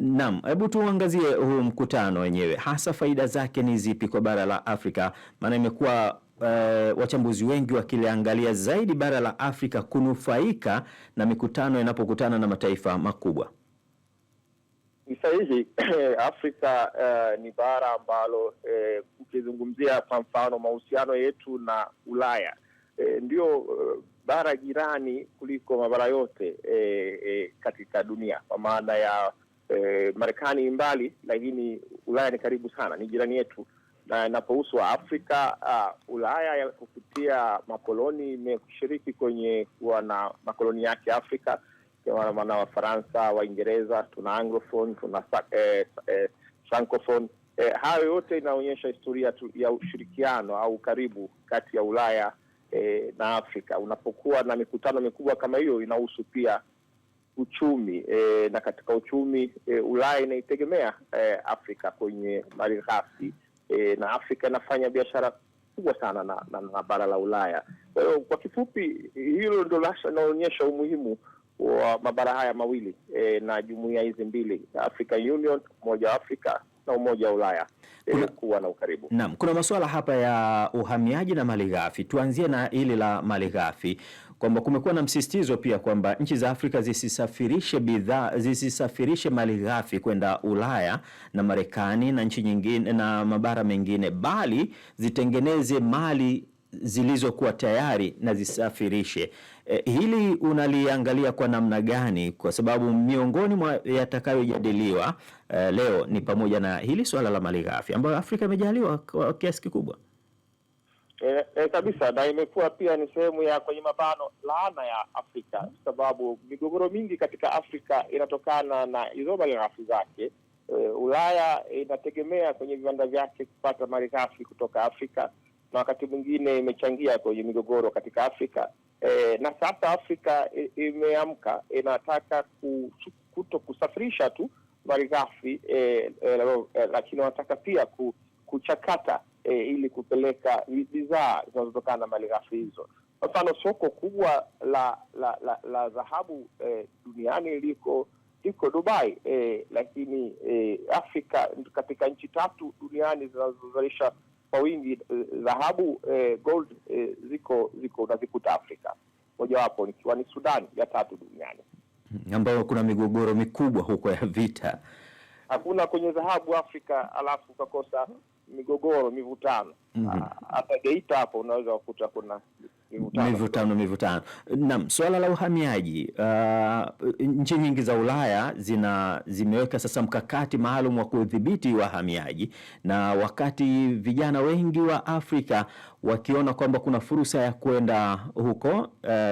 Naam, hebu tuangazie huu mkutano wenyewe, hasa faida zake ni zipi kwa bara la Afrika? Maana imekuwa uh, wachambuzi wengi wakiliangalia zaidi bara la Afrika kunufaika na mikutano inapokutana na mataifa makubwa. Ni sahihi. Afrika uh, ni bara ambalo uh, ukizungumzia kwa mfano mahusiano yetu na Ulaya uh, ndio uh, bara jirani kuliko mabara yote uh, uh, katika dunia kwa maana ya Marekani mbali, lakini Ulaya ni karibu sana, ni jirani yetu, na inapohusu Afrika uh, Ulaya kupitia makoloni imeshiriki kwenye kuwa na makoloni yake Afrika maana Wafaransa, Waingereza, tuna anglophone, tuna eh, eh, francophone eh, hayo yote inaonyesha historia tu ya ushirikiano au karibu kati ya Ulaya eh, na Afrika. Unapokuwa na mikutano mikubwa kama hiyo, inahusu pia uchumi e, na katika uchumi e, Ulaya inaitegemea e, Afrika kwenye mali ghafi e, na Afrika inafanya biashara kubwa sana na, na, na bara la Ulaya. Kwa hiyo kwa kifupi, hilo ndo linaonyesha umuhimu wa mabara haya mawili e, na jumuiya hizi mbili, African Union, Umoja wa Afrika na Umoja wa Ulaya kuna, kuwa na ukaribu. Naam, kuna masuala hapa ya uhamiaji na ghafi. Tuanzie na hili la ghafi kwamba kumekuwa na msisitizo pia kwamba nchi za Afrika zisisafirishe bidhaa zisisafirishe mali ghafi kwenda Ulaya na Marekani na nchi nyingine na mabara mengine, bali zitengeneze mali zilizokuwa tayari na zisafirishe. E, hili unaliangalia kwa namna gani? Kwa sababu miongoni mwa yatakayojadiliwa e, leo ni pamoja na hili swala la mali ghafi ambayo Afrika imejaliwa kwa kiasi kikubwa. E, e, kabisa na imekuwa pia ni sehemu ya kwenye mabano laana ya Afrika kwa sababu migogoro mingi katika Afrika inatokana na hizo malighafi zake. E, Ulaya inategemea kwenye viwanda vyake kupata malighafi kutoka Afrika na wakati mwingine imechangia kwenye migogoro katika Afrika. E, na sasa Afrika imeamka inataka kuto kusafirisha tu malighafi e, e, lakini wanataka pia kuchakata e, ili kupeleka bidhaa zinazotokana na malighafi hizo. Kwa mfano soko kubwa la la la, la dhahabu e, duniani liko iko Dubai e, lakini e, Afrika katika nchi tatu duniani zinazozalisha kwa wingi dhahabu e, gold e, ziko ziko unazikuta Afrika, mojawapo nikiwa ni Sudan ya tatu duniani ambayo kuna migogoro mikubwa huko ya vita. Hakuna kwenye dhahabu Afrika alafu ukakosa migogoro, mivutano mhm. ah, hata Geita hapo unaweza kukuta kuna mivutano mivutano, mivutano. Naam, suala la uhamiaji uh, nchi nyingi za Ulaya zina zimeweka sasa mkakati maalum wa kudhibiti wahamiaji, na wakati vijana wengi wa Afrika wakiona kwamba kuna fursa ya kwenda huko uh,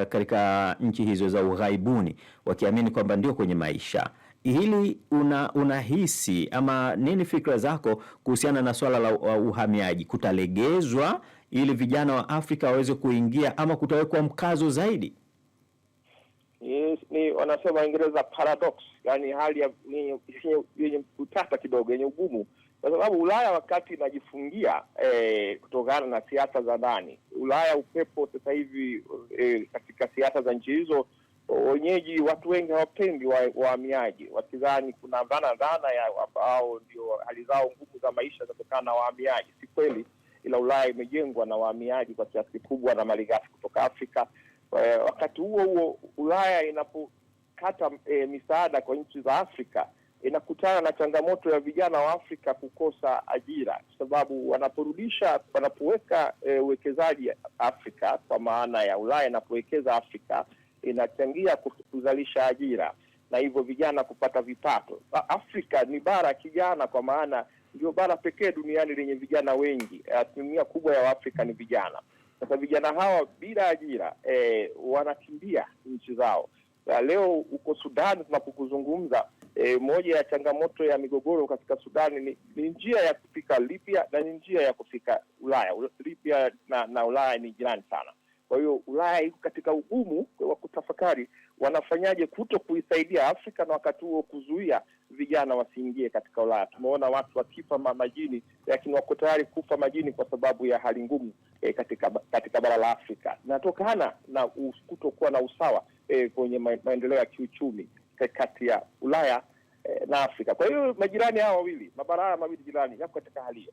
katika nchi hizo za ughaibuni wakiamini kwamba ndio kwenye maisha hili una, unahisi ama nini fikra zako kuhusiana na swala la uh, uhamiaji kutalegezwa ili vijana wa Afrika waweze kuingia ama kutawekwa mkazo zaidi? Yes, ni wanasema Waingereza paradox, yani hali ya yenye utata kidogo, yenye ugumu, kwa sababu Ulaya wakati inajifungia eh, kutokana na siasa za ndani Ulaya, upepo sasa hivi eh, katika siasa za nchi hizo wenyeji watu wengi hawapendi wahamiaji, wa wakidhani kuna dhana dhana ya ambao ndio hali zao ngumu za maisha zinatokana na wahamiaji. Si kweli, ila Ulaya imejengwa na wahamiaji kwa kiasi kikubwa na malighafi kutoka Afrika. Eh, wakati huo huo, Ulaya inapokata e, misaada kwa nchi za Afrika inakutana na changamoto ya vijana wa Afrika kukosa ajira, kwa sababu wanaporudisha wanapoweka e, uwekezaji Afrika, kwa maana ya Ulaya inapowekeza Afrika inachangia kuzalisha ajira na hivyo vijana kupata vipato. Afrika ni bara kijana, kwa maana ndio bara pekee duniani lenye vijana wengi. Asilimia kubwa ya Waafrika ni vijana. Sasa vijana hawa bila ajira e, wanakimbia nchi zao. Leo uko Sudani tunapokuzungumza, E, moja ya changamoto ya migogoro katika Sudani ni, ni njia ya kufika Libya na ni njia ya kufika Ulaya. Libya na, na Ulaya ni jirani sana. Kwa hiyo Ulaya iko katika ugumu wa kutafakari wanafanyaje kuto kuisaidia Afrika na wakati huo kuzuia vijana wasiingie katika Ulaya. Tumeona watu wakifa majini, lakini wako tayari kufa majini kwa sababu ya hali ngumu e, katika katika bara la Afrika. Inatokana na kutokuwa na usawa e, kwenye maendeleo ya kiuchumi kati ya Ulaya e, na Afrika. Kwa hiyo majirani hawa wawili, mabara haya mawili jirani yako katika hali hiyo.